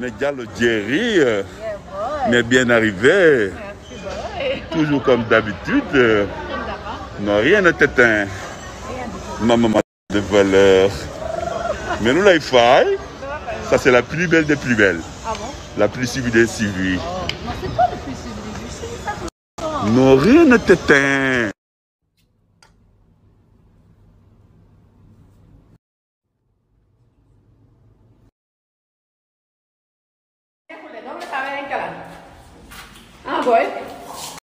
Mais le Jerry, mais bien arrivé. Toujours comme d'habitude. Hein. Non, rien n'est ma Maman de valeur. Mais nous, la il Ça, c'est la plus belle des plus belles. Ah la plus suivie des suivies. Oh. Non, c'est rien ne nombre estaba en catalán. Ah, bueno. Pues.